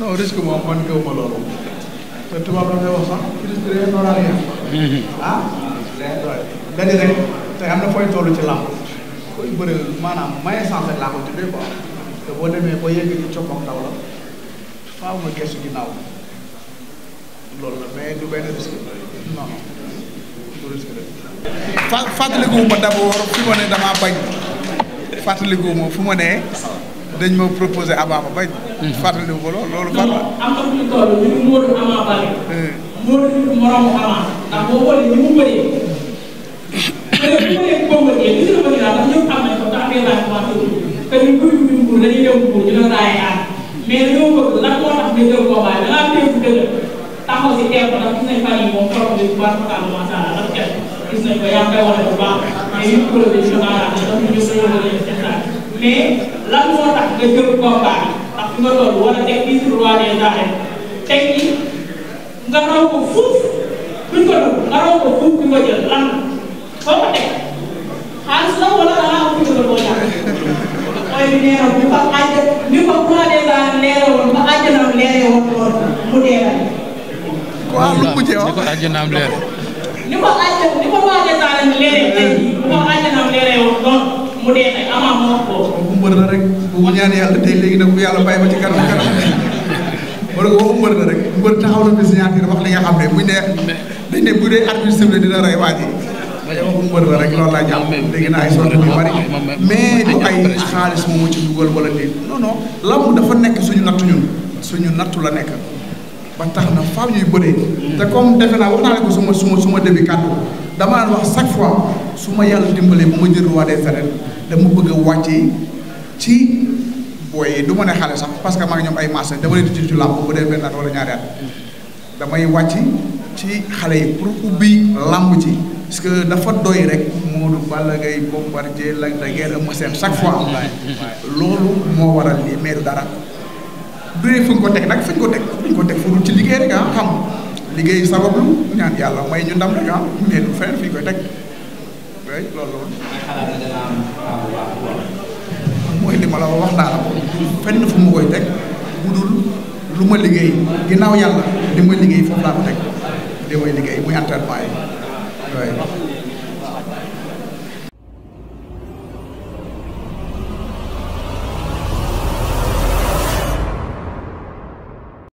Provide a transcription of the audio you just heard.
non risque moom man gëw ma loolu te tubaab la ngay wax sax risque day doon arrière ah day doon dadi te am na fooy toll ci làmb koy bëreel maanaam maye sens rek laa ko tuddee te boo demee ba yegg ci coppam ndaw la faaw nga gëstu ginnaaw loolu la mais du benn risque non du risque rek fi ma ne damaa bañ fàttalikuwuma fu ma ne dañ ma proposé Ama Baldé bañ. Mhm. fàttaliwu ko lool loolu. fàttali am na fu ñu toll ñu ngi wóor Ama Baldé. wóor hmm. moromu Ama ndax boo wóoree ni mu bëree. mais bu bëree Bombardier li ñu la bëri daal ndax ñëpp xam nañ ko ndax day laaj commencé wu ñu. te ñu bëri ñu nguur dañuy dem nguur ñu la raay aar mais dañoo bëgg lan moo tax ñu jël combat bi da ngaa téye bu dëgg taxaw si teew ko ndax gis nañ fan yii moom borom bi bu baax fa kàlla macha allah dafa teel gis nañ ko yaa ngi koy waxee bu baax mais ñu ngi ko mais lan moo tax nga jëm combat ndax fi nga toll wala teg ci roi des arènes tey jii nga raw ko fuuf buñ ko doon nga raw ko fuuf bi nga jël lan foo ko teg xaalis la wala da ngaa am fi nga doon boo tax mooy bi nee na bu ko àjj ni ko roi des arènes leeroon ba àjj na leeroon lool mu dee la. waaw lu mujjee wax ni ko àjj na am leer. ni ko àjj ni ko roi des arènes leeree tey jii bu ko àjj na am leeree woon lool mu dee nag amaat moo ko. mbër la rek bu yàlla tey léegi nag bu yàlla bàyyi ba ci kanam kanam ma ne ko waxu rek mbër taxaw na fi signature wax li nga xam ne buñ ne dañ ne bu dee arbitre siffle dina rey waa ji waxu mbër la rek loolu laa jàpp dégg naa ay sonn yu bari mais du ay xaalis moomu ci dugal wala déet non non lamb dafa nekk suñu nattu ñun suñu nattu la nekk ba tax na faaw ñuy bëree te comme defe naa wax naa ne ko suma suma suma début kàddu damaa wax chaque fois su ma yàlla dimbalee bu ma jël roi des arènes dama bëgg a wàccee ci booy du ma ne xale sax parce que maa ngi ñoom ay marché dama leen di ci làmb bu dee benn at wala ñaari at damay wàcc ci xale yi pour ubbi làmb ci parce que dafa doy rek Modou Balla Gaye ngay Lac de Guiers Eumeu Sène chaque fois loolu moo waral lii mais du dara du ne fu ñu ko teg nag fu ñu ko teg fu ñu ko teg fu dul ci liggéey rek ah xam liggéey sabablu ñaan yàlla may ñu ndam rek ah mais du feneen fu ñu koy teg ma la wax naa fenn fu mu koy teg bu dul lu ma liggéey ginnaaw yàlla di ma liggéey foofu laa ko teg may liggéey muy entraînement yi waaye